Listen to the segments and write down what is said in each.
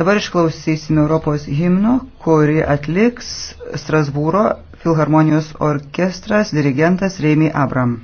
Dabar išklausysime Europos himno, kurį atliks Strasbūro filharmonijos orkestras dirigentas Reimi Abram.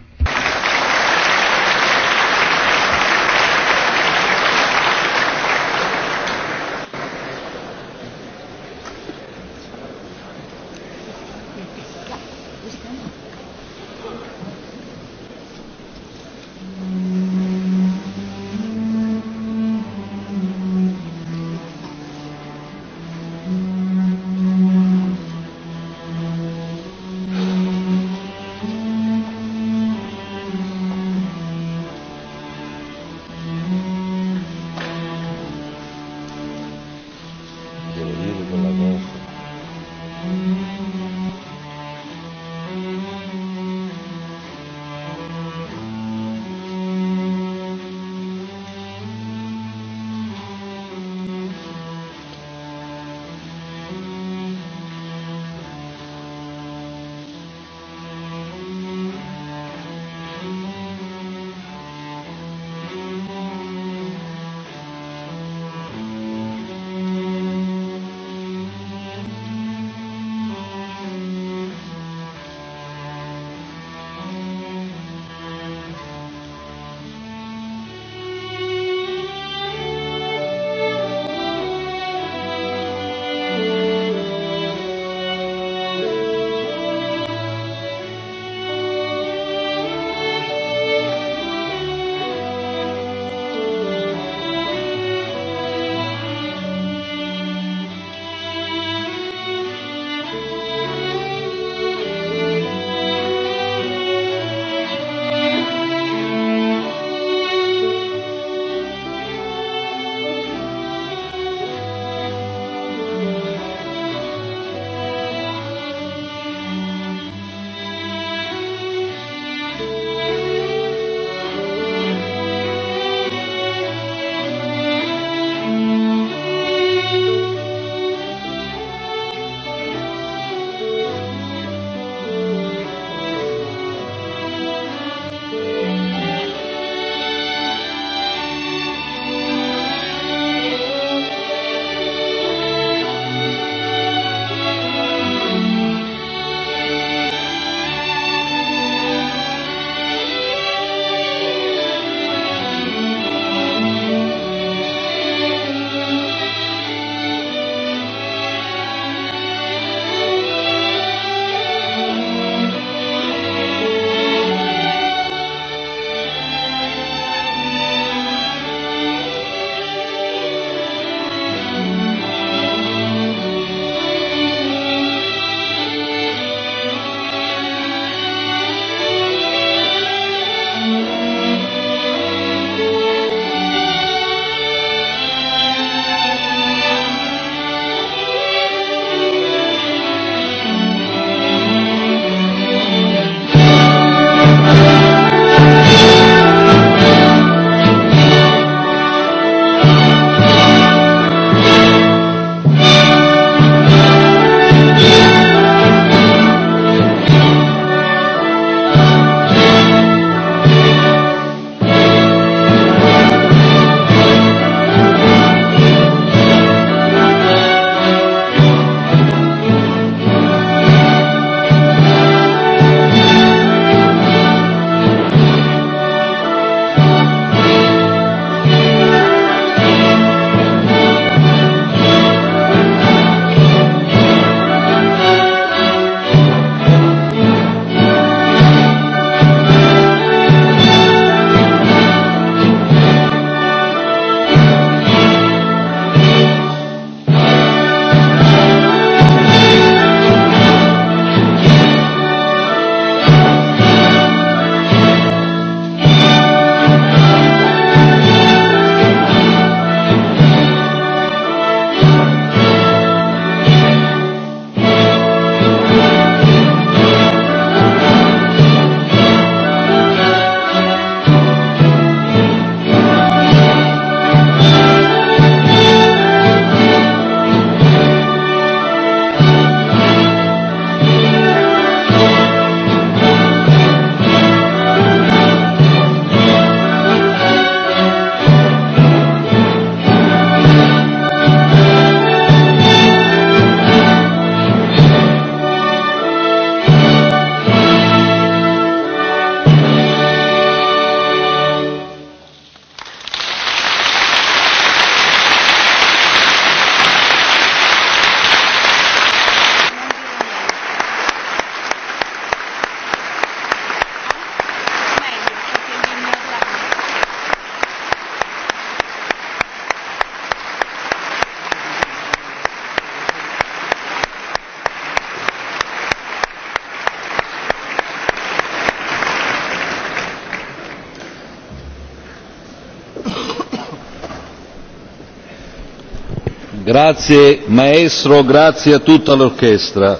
Grazie maestro, grazie a tutta l'orchestra.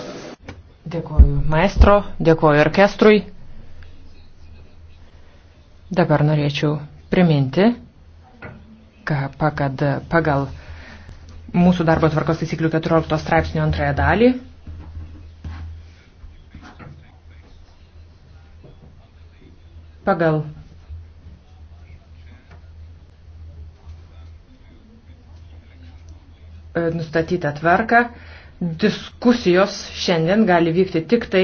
Dėkoju maestro, dėkoju orkestrui. Dabar norėčiau priminti, kad pagal mūsų darbo tvarkos taisyklių 14 straipsnio antrąją dalį pagal nustatytą tvarką. Diskusijos šiandien gali vykti tik tai.